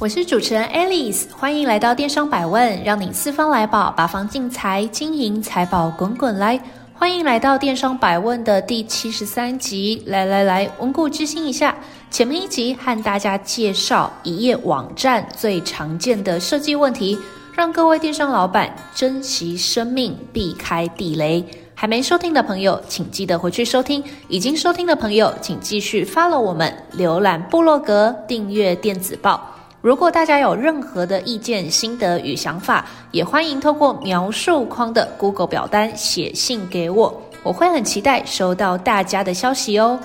我是主持人 Alice，歡迎來到電商百問，讓你四方來寶，八方進財，金銀財寶滾滾來。歡迎來到電商百問的第七十三集，來來來，溫故知新一下。前面一集和大家介紹，一頁網站最常見的設計問題，讓各位電商老闆珍惜生命，避開地雷。還沒收聽的朋友，請記得回去收聽；已經收聽的朋友，請繼續 follow 我們，瀏覽部落格，訂閱電子報。如果大家有任何的意見、心得與想法，也歡迎透過描述框的 Google 表單寫信給我，我會很期待收到大家的消息哦。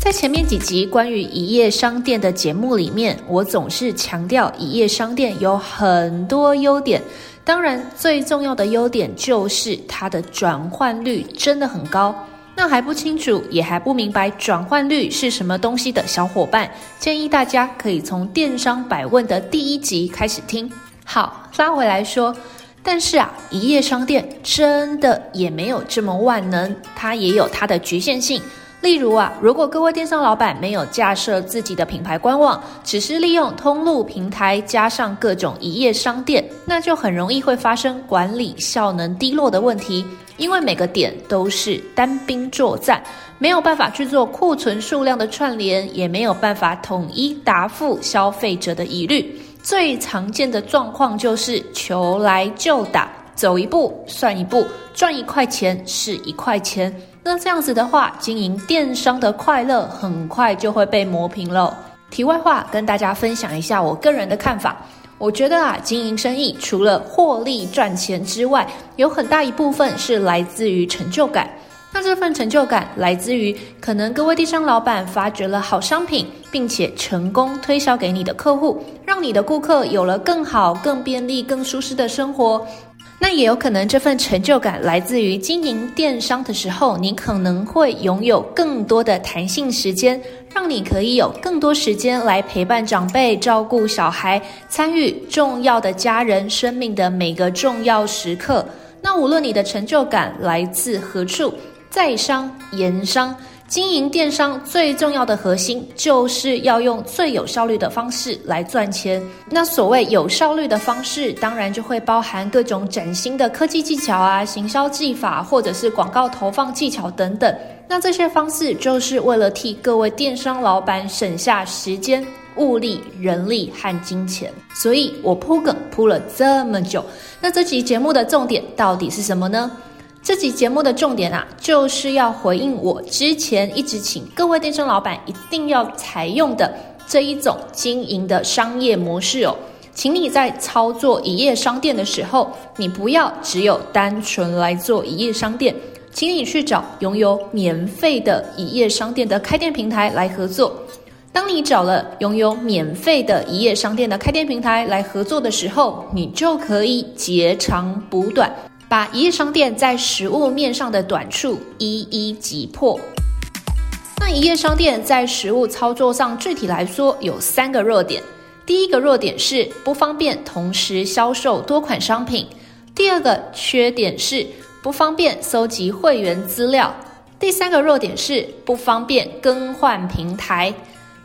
在前面幾集關於一頁商店的節目裡面，我總是強調一頁商店有很多優點，當然最重要的優點就是它的轉換率真的很高。那還不清楚，也還不明白轉換率是什麼東西的小伙伴，建議大家可以從電商百問的第一集開始聽。好，拉回來說，但是啊，一頁商店真的也沒有這麼萬能，它也有它的局限性。例如啊，如果各位電商老闆沒有架設自己的品牌官網，只是利用通路平台加上各種一頁商店，那就很容易會發生管理效能低落的問題。因為每個點都是單兵作戰，沒有辦法去做庫存數量的串聯，也沒有辦法統一答覆消費者的疑慮。最常見的狀況就是球來就打，走一步算一步，賺一塊錢是一塊錢。那這樣子的話，經營電商的快樂很快就會被磨平了。題外話，跟大家分享一下我個人的看法。我覺得啊，經營生意除了獲利賺錢之外，有很大一部分是來自於成就感。那這份成就感來自於可能各位電商老板發掘了好商品，並且成功推銷給你的客戶，讓你的顧客有了更好、更便利、更舒適的生活。那也有可能這份成就感來自於經營電商的時候，你可能會擁有更多的彈性時間。你可以有更多時間來陪伴長輩、照顧小孩、參與重要的家人生命的每個重要時刻。那無論你的成就感來自何處，在商言商。經營電商最重要的核心，就是要用最有效率的方式來賺錢。那所謂有效率的方式，當然就會包含各種嶄新的科技技巧啊、行銷技法，或者是廣告投放技巧等等。那這些方式，就是為了替各位電商老闆省下時間、物力、人力和金錢。所以，我鋪梗鋪了這麼久，那這期節目的重點到底是什麼呢？這期節目的重點啊，就是要回應我之前一直請各位電商老闆一定要採用的這一種經營的商業模式哦。請你在操作一頁商店的時候，你不要只有單純來做一頁商店，請你去找擁有免費的一頁商店的開店平台來合作。當你找了擁有免費的一頁商店的開店平台來合作的時候，你就可以截長補短。把一頁商店在實務面上的短處一一擊破。那一頁商店在實務操作上具體來說有三個弱點：第一個弱點是不方便同時銷售多款商品；第二個缺點是不方便搜集會員資料；第三個弱點是不方便更換平台。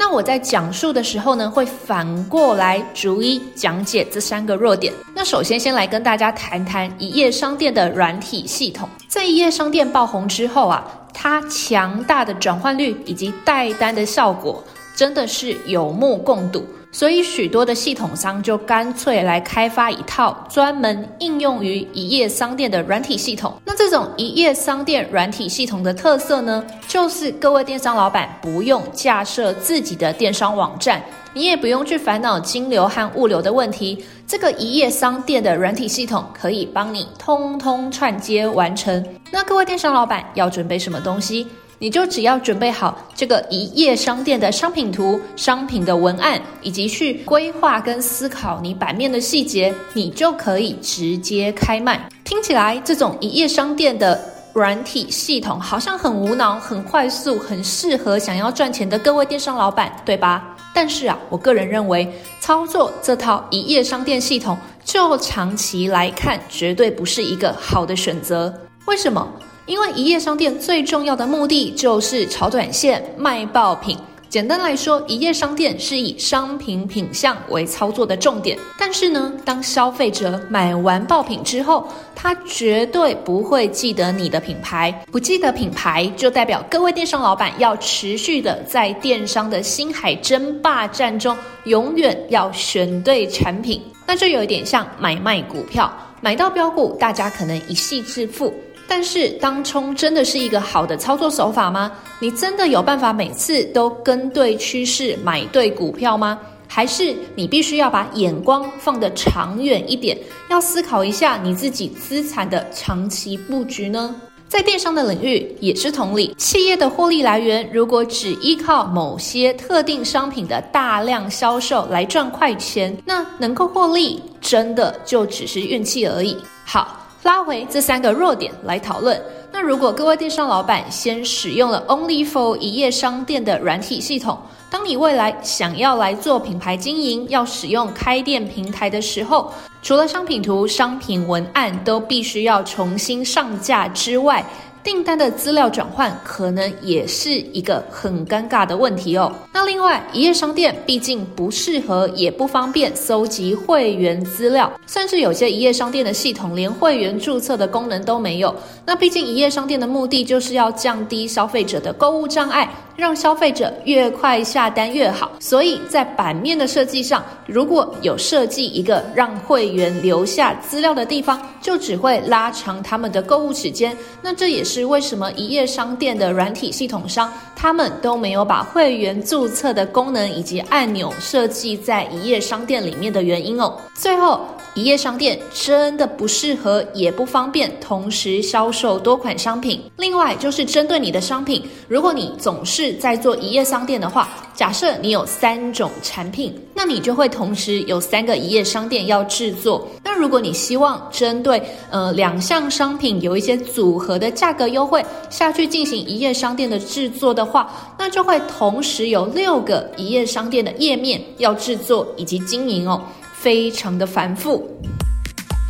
那我在講述的時候呢，會反過來逐一講解這三個弱點。那首先先來跟大家談談一頁商店的軟體系統。在一頁商店爆紅之後啊，它強大的轉換率以及帶單的效果，真的是有目共睹。所以，許多的系統商就乾脆來開發一套專門應用於一頁商店的軟體系統。那這種一頁商店軟體系統的特色呢，就是各位電商老板不用架設自己的電商網站，你也不用去煩惱金流和物流的問題。這個一頁商店的軟體系統可以幫你通通串接完成。那各位電商老板要準備什麼東西？你就只要準備好這個一頁商店的商品圖、商品的文案，以及去規劃跟思考你版面的細節，你就可以直接開賣。聽起來，這種一頁商店的軟體系統好像很無腦、很快速、很適合想要賺錢的各位電商老闆，對吧？但是啊，我個人認為，操作這套一頁商店系統，就長期來看，絕對不是一個好的選擇。為什麼？因為一頁商店最重要的目的就是炒短線、賣爆品。簡單來說，一頁商店是以商品品項為操作的重點。但是呢，當消費者買完爆品之後，他絕對不會記得你的品牌。不記得品牌，就代表各位電商老板要持續的在電商的星海爭霸戰中，永遠要選對產品。那就有一點像買賣股票，買到標股，大家可能一夕致富。但是，當沖真的是一個好的操作手法嗎？你真的有辦法每次都跟對趨勢，買對股票嗎？還是你必須要把眼光放得長遠一點，要思考一下你自己資產的長期佈局呢？在電商的領域也是同理，企業的獲利來源如果只依靠某些特定商品的大量銷售來賺快錢，那能夠獲利真的就只是運氣而已。好。拉回這三個弱點來討論。那如果各位電商老闆先使用了 Only For 一頁商店的軟體系統，當你未來想要來做品牌經營，要使用開店平台的時候，除了商品圖、商品文案都必須要重新上架之外，訂單的資料轉換可能也是一個很尷尬的問題哦。那另外，一頁商店畢竟不適合也不方便搜集會員資料，算是有些一頁商店的系統連會員註冊的功能都沒有。那畢竟，一頁商店的目的就是要降低消費者的購物障礙，讓消費者越快下單越好。所以在版面的設計上，如果有設計一個讓會員留下資料的地方，就只會拉長他們的購物時間。那這也是。是為什麼，一頁商店的軟體系統商，他們都沒有把會員注冊的功能以及按鈕設計在一頁商店裡面的原因哦。最後。一頁商店真的不適合，也不方便同時銷售多款商品。另外，就是針對你的商品，如果你總是在做一頁商店的話，假設你有三種產品，那你就會同時有三個一頁商店要制作。那如果你希望針對，呃，兩項商品有一些組合的價格優惠，下去進行一頁商店的制作的話，那就會同時有六個一頁商店的頁面要制作以及經營哦。非常的繁複。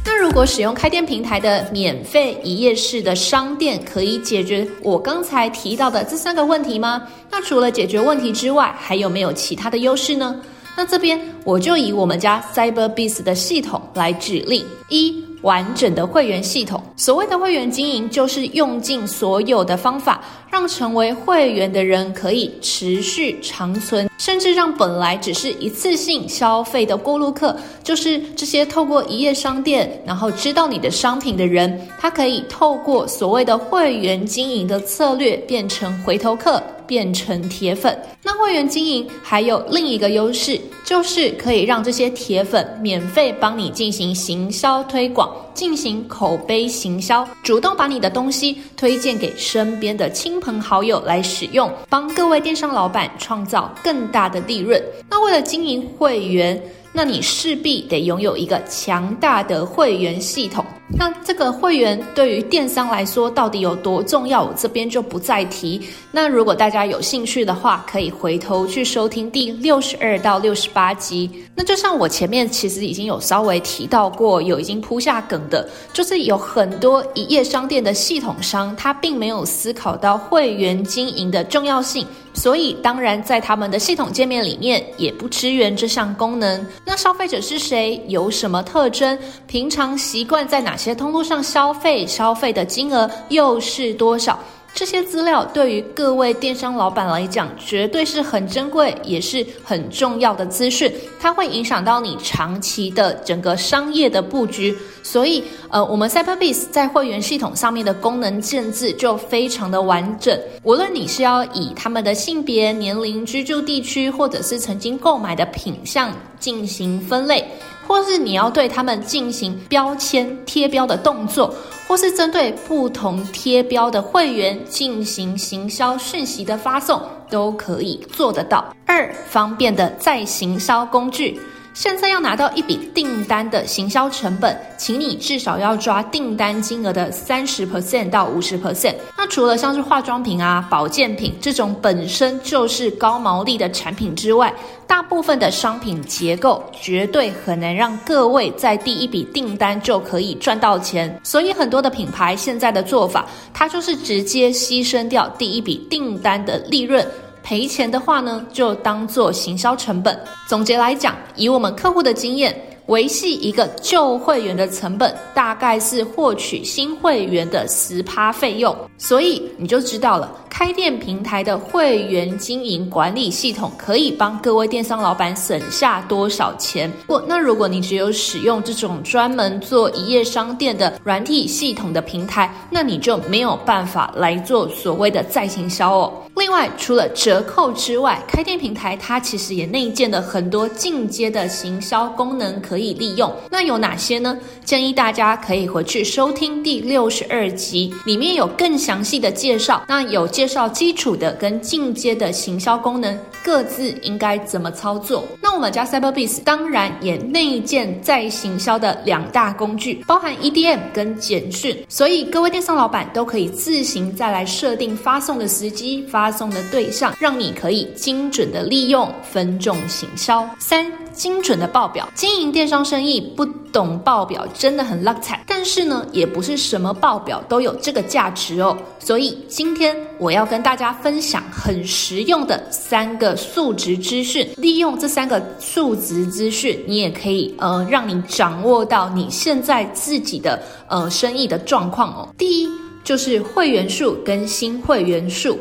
那如果使用開店平台的免費一頁式的商店，可以解決我剛才提到的這三個問題嗎？那除了解決問題之外，還有沒有其他的優勢呢？那這邊我就以我們家 Cyberbiz 的系統來舉例。一完整的會員系統，所謂的會員經營，就是用盡所有的方法，讓成為會員的人可以持續長存，甚至讓本來只是一次性消費的過路客，就是這些透過一頁商店，然後知道你的商品的人，他可以透過所謂的會員經營的策略，變成回頭客。變成鐵粉，那會員經營還有另一個優勢，就是可以讓這些鐵粉免費幫你進行行銷推廣，進行口碑行銷，主動把你的東西推薦給身邊的親朋好友來使用，幫各位電商老闆創造更大的利潤。那為了經營會員，那你勢必得擁有一個強大的會員系統。那這個會員對於電商來說到底有多重要？我這邊就不再提。那如果大家有興趣的話，可以回頭去收聽第六十二到六十八集。那就像我前面其實已經有稍微提到過，有已經鋪下梗的，就是有很多一頁商店的系統商，他並沒有思考到會員經營的重要性，所以當然在他們的系統界面裡面也不支援這項功能。那消費者是誰？有什麼特徵？平常習慣在哪？且通路上消費，消費的金額又是多少？這些資料對於各位電商老板來講，絕對是很珍貴也是很重要的資訊，它會影響到你長期的整個商業的布局。所以，呃，我們 Cyberbiz 在會員系統上面的功能建置就非常的完整。無論你是要以他們的性別、年齡、居住地區，或者是曾經購買的品項進行分類。或是你要對他們進行標籤貼標的動作，或是針對不同貼標的會員進行行銷訊息的發送，都可以做得到。二，方便的再行銷工具。現在要拿到一筆訂單的行銷成本，請你至少要抓訂單金額的30%到50%。那除了像是化妝品啊、保健品這種本身就是高毛利的產品之外，大部分的商品結構絕對很難讓各位在第一筆訂單就可以賺到錢。所以很多的品牌現在的做法，它就是直接犧牲掉第一筆訂單的利潤。賠錢的話呢，就當做行銷成本。總結來講，以我們客戶的經驗，維繫一個舊會員的成本，大概是獲取新會員的十趴費用。所以你就知道了，開店平台的會員經營管理系統可以幫各位電商老闆省下多少錢。不，那如果你只有使用這種專門做一頁商店的軟體系統的平台，那你就沒有辦法來做所謂的再行銷哦。另外，除了折扣之外，開店平台它其實也內建了很多進階的行銷功能可以利用。那有哪些呢？建議大家可以回去收聽第六十二集，裡面有更詳細的介紹。那有介紹基礎的跟進階的行銷功能各自應該怎麼操作。那我們家 Cyberbiz 當然也內建在行銷的兩大工具，包含 EDM 跟簡訊，所以各位電商老闆都可以自行再來設定發送的時機發。發送的對象，讓你可以精準的利用分眾行銷。三、精準的報表。經營電商生意，不懂報表真的很浪費。但是呢，也不是什麼報表都有這個價值哦。所以今天我要跟大家分享很實用的三個數值資訊。利用這三個數值資訊，你也可以呃，讓你掌握到你現在自己的呃生意的狀況哦。第一就是會員數跟新會員數。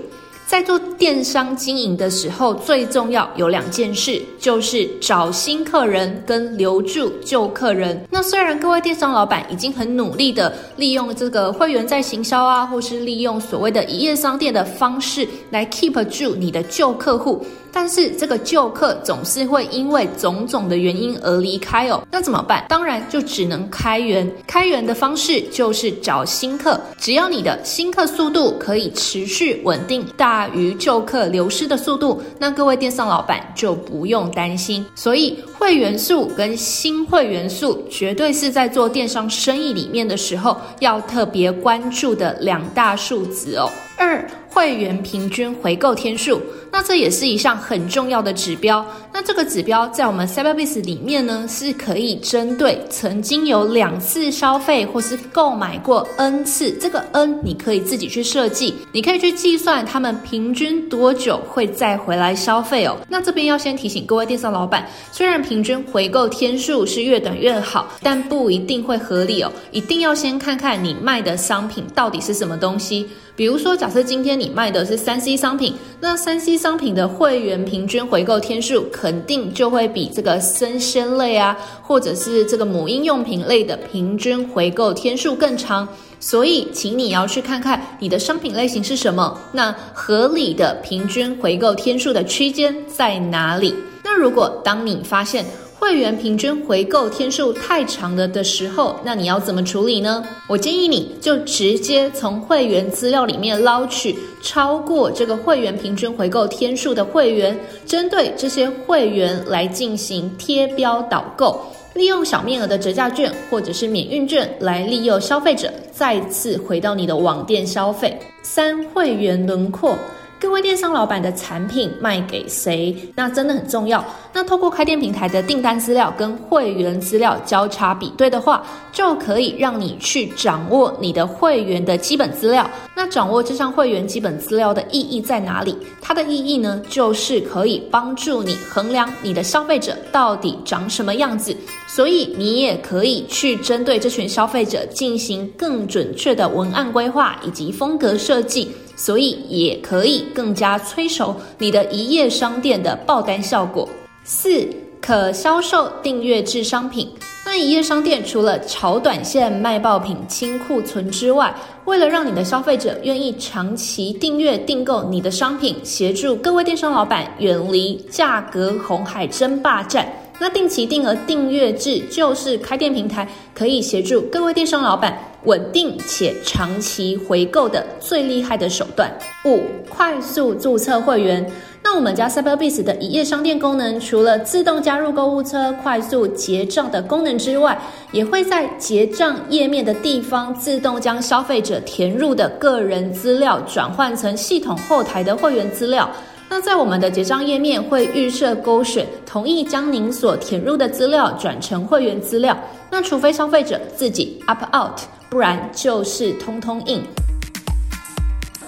在做電商經營的時候，最重要有兩件事，就是找新客人跟留住舊客人。那雖然各位電商老板已經很努力的利用這個會員再行銷啊，或是利用所謂的一頁商店的方式來 keep 住你的舊客戶。但是這個舊客總是會因為種種的原因而離開哦，那怎麼辦？當然就只能開源，開源的方式就是找新客。只要你的新客速度可以持續穩定大於舊客流失的速度，那各位電商老闆就不用擔心。所以會員數跟新會員數絕對是在做電商生意裡面的時候要特別關注的兩大數字哦。二、會員平均回購天數，那這也是一項很重要的指標。那這個指標在我們 Cyberbiz 裡面呢，是可以針對曾經有兩次消費或是購買過 N 次，這個 N 你可以自己去設計，你可以去計算他們平均多久會再回來消費哦。那這邊要先提醒各位電商老闆，雖然平均回購天數是越短越好，但不一定會合理哦。一定要先看看你賣的商品到底是什麼東西。比如說，假設今天你賣的是 3C 商品，那 3C 商品的會員平均回購天數肯定就會比這個生鮮類啊，或者是這個母嬰用品類的平均回購天數更長。所以，請你要去看看你的商品類型是什麼，那合理的平均回購天數的區間在哪裡？那如果當你發現，會員平均回購天數太長了的時候，那你要怎麼處理呢？我建議你就直接從會員資料裡面撈取超過這個會員平均回購天數的會員，針對這些會員來進行貼標導購，利用小面額的折價券或者是免運券來利誘消費者再次回到你的網店消費。三、會員輪廓。各位電商老闆的產品賣給誰，那真的很重要。那透過開店平台的訂單資料跟會員資料交叉比對的話，就可以讓你去掌握你的會員的基本資料。那掌握這項會員基本資料的意義在哪裡？它的意義呢，就是可以幫助你衡量你的消費者到底長什麼樣子。所以你也可以去針對這群消費者進行更準確的文案規劃以及風格設計，所以也可以更加催熟你的一頁商店的爆單效果。四、可銷售訂閱制商品，那一頁商店除了炒短線賣爆品清庫存之外，為了讓你的消費者願意長期訂閱訂購你的商品，協助各位電商老闆遠離價格紅海爭霸戰。那定期定額訂閱制就是開店平台可以協助各位電商老闆穩定且長期回購的最厲害的手段。五、快速註冊會員。那我們家 Cyberbiz 的一頁商店功能，除了自動加入購物車、快速結賬的功能之外，也會在結賬頁面的地方自動將消費者填入的個人資料轉換成系統後台的會員資料。那在我們的結賬頁面會預設勾選同意將您所填入的資料轉成會員資料，那除非消費者自己 opt out，不然就是通通 in。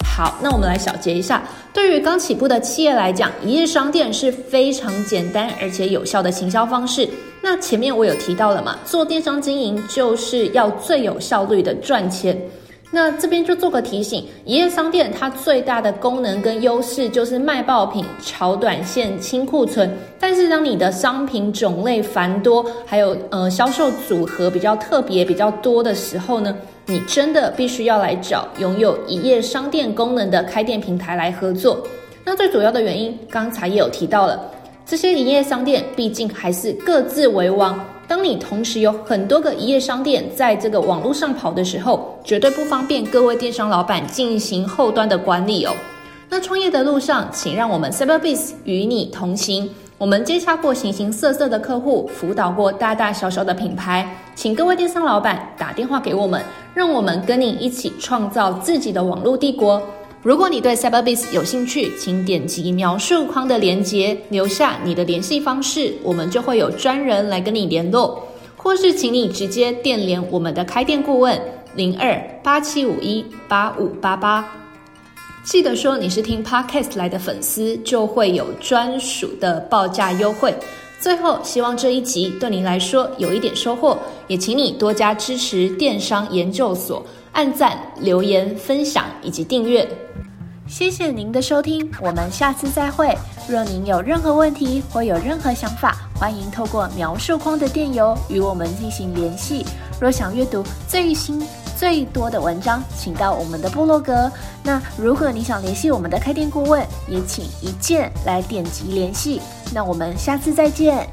好，那我們來小結一下，對於剛起步的企業來講，一頁商店是非常簡單而且有效的行銷方式。那前面我有提到了嘛，做電商經營就是要最有效率的賺錢。那這邊就做個提醒，一頁商店它最大的功能跟優勢就是賣爆品、炒短線、清庫存。但是，當你的商品種類繁多，還有呃銷售組合比較特別、比較多的時候呢，你真的必須要來找擁有一頁商店功能的開店平台來合作。那最主要的原因，剛才也有提到了，這些一頁商店畢竟還是各自為王。當你同時有很多個一頁商店在這個網絡上跑的時候，絕對不方便各位電商老闆進行後端的管理哦。那創業的路上，請讓我們 Cyberbiz 與你同行。我們接洽過形形色色的客戶，輔導過大大小小的品牌。請各位電商老闆打電話給我們，讓我們跟你一起創造自己的網絡帝國。如果你對 Cyberbiz 有興趣，請點擊描述框的鏈接，留下你的聯繫方式，我們就會有專人來跟你聯絡，或是請你直接電聯我們的開店顧問。零二八七五一八五八八，記得說你是聽 Podcast 來的粉絲，就會有專屬的報價優惠。最後，希望這一集對您來說有一點收穫，也請你多加支持電商研究所，按讚、留言、分享以及訂閱。謝謝您的收聽，我們下次再會。若您有任何問題或有任何想法，歡迎透過描述框的電郵與我們進行聯繫。若想閱讀最新。最多的文章，請到我們的部落格。那如果你想聯繫我們的開店顧問，也請一鍵來點擊聯繫。那我們下次再見。